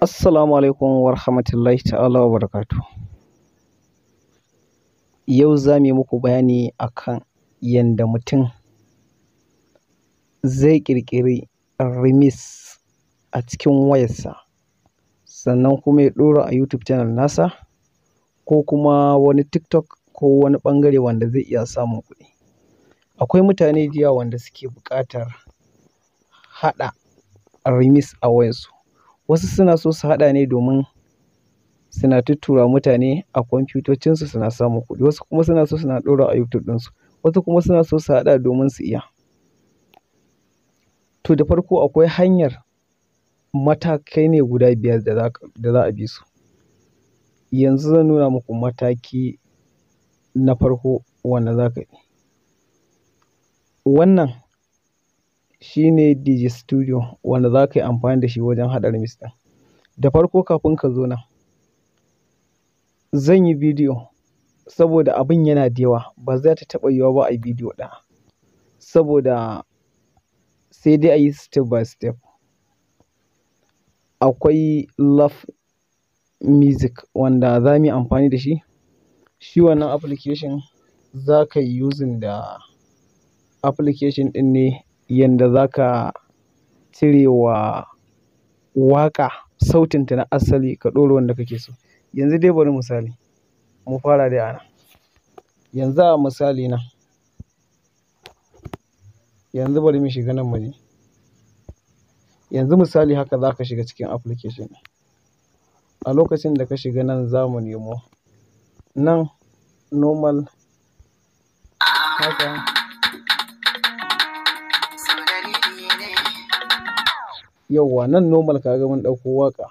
Assalamu alaikum wa rahmatullahi ta'ala wa barakatu. Yau za mu yi muku bayani akan yadda mutum zai ƙirƙiri remis a cikin wayarsa, sannan kuma ya ɗora a YouTube channel nasa, ko kuma wani TikTok ko wani ɓangare wanda zai iya samun kuɗi. Akwai mutane jiya wanda suke buƙatar haɗa remis a wayarsu. wasu suna so su haɗa ne domin suna tuttura mutane a kwamfutocinsu suna samun kuɗi wasu kuma suna so suna ɗora a youtube ɗinsu wasu kuma suna so su haɗa domin su iya to da farko akwai hanyar matakai ne guda biyar da za a bi su yanzu zan nuna muku mataki na farko wanda za ka bi wannan Shi ne DJ Studio wanda za ka yi amfani da shi wajen haɗa remix ɗin. Da farko kafin ka zo nan, zan yi bidiyo saboda abin yana da yawa ba za ta taɓa yiwa ba a yi bidiyo ɗaya. Saboda sai dai a yi step by step. Akwai Love Music wanda za mu yi amfani da shi. Shi wannan application za ka yi using da application ɗin ne yanda za ka cire wa waƙa sautinta na asali ka ɗora wanda kake so. Yanzu dai bari misali, mu fara dai ana. Yanzu a misali na, yanzu bari mu shiga nan mu Yanzu misali haka za ka shiga cikin application ɗin. A lokacin da ka shiga nan za mu nemo, nan normal haka. Yauwa nan normal kaga mun ɗauko waƙa.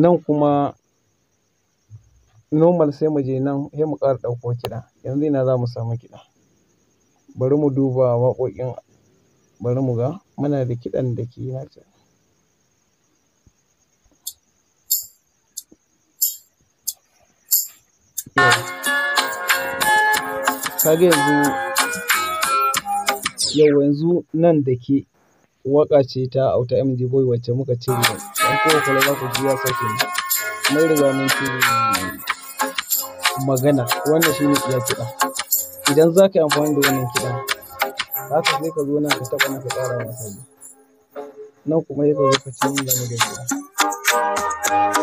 Nan kuma normal sai mu je nan sai mu ƙara ɗauko kiɗa. Yanzu ina za mu samu kiɗa. Bari mu duba waƙoƙin, bari mu ga muna da kiɗan da ke yana can. Kaga yanzu, yauwa yanzu nan da ke. waƙa ce ta Auta MJ Boy wacce muka ce ne ɗan kowa kula za ku jiya sake mai riga mun ce magana wannan ne iya kiɗa idan za ka yi amfani da wannan kiɗa za ka sai ka zo nan ka taɓa naka ka ƙara masa nan kuma yi ka zo ka ci da magana ya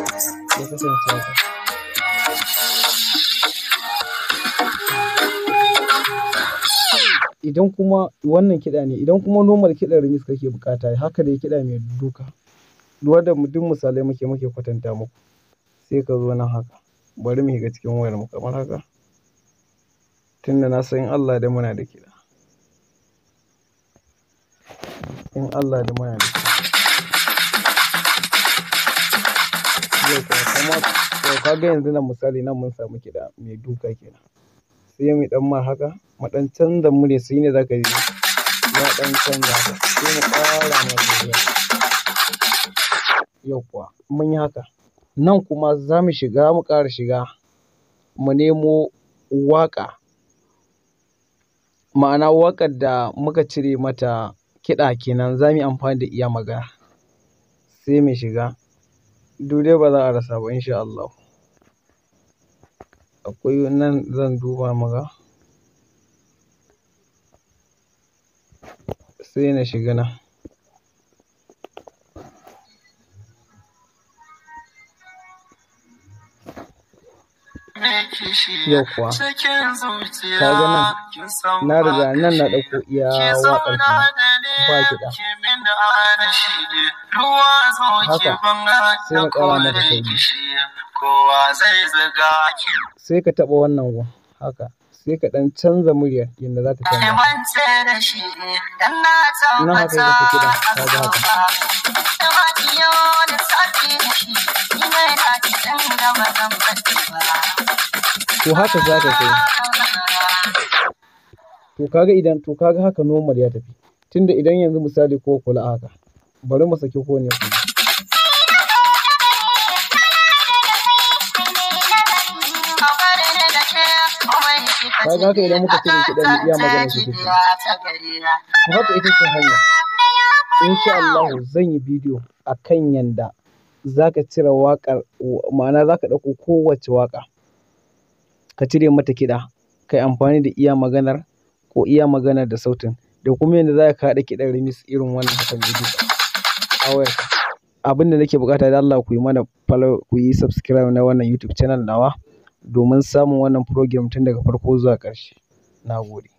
kasance haka Idan kuma wannan kiɗa ne, idan kuma normal kiɗan remix kake buƙata, haka dai kiɗa mai duka. da duk misalai muke muke kwatanta muku. Sai ka zo nan haka. Bari mu shiga cikin wayar mu kamar haka. Tunda na san in Allah ya yarda muna da kiɗa. In Allah ya yarda muna da kiɗa. Yau kuma, to ka ga yanzu nan misali nan mun samu kiɗa mai duka kenan. sai mu ɗan ma haka mu ɗan canza ne, sai ne za ka ji ya ɗan canza sai mu ƙara masa ruwa yauwa mun yi haka nan kuma za mu shiga mu ƙara shiga mu nemo waƙa ma'ana waƙar da muka cire mata kiɗa kenan za mu yi amfani da iya magana sai mu shiga Dole ba za a rasa ba insha Allah akwai nan zan duba maga? Sai na shiga nan. Yau kuwa, ka ga nan, na riga nan na ɗauko iya waƙar ba kiɗa haka sai na ƙara mata sauri sai ka taɓa wannan ruwan haka sai ka ɗan canza muryar yadda za ta canza na haka da ka kiɗa ka ga haka to haka za ka kai to kaga idan to kaga haka normal ya tafi tunda idan yanzu misali ko kula haka bari mu saki ko ne kula kaga ka idan muka cire kiɗan iya magana su kuke haka ita ce hanya insha Allah zan yi bidiyo a kan yanda za ka cire waƙar ma'ana za ka ɗauko kowace waƙa ka cire mata kiɗa yi amfani da iya maganar ko iya maganar da sautin da kuma yadda za ka haɗa kiɗan remix irin wannan hakan bidiyo a wayarka. Abin da nake bukata da Allah ku yi mana follow, ku yi subscribe na wannan YouTube channel nawa domin samun wannan program tun daga farko zuwa ƙarshe. nagode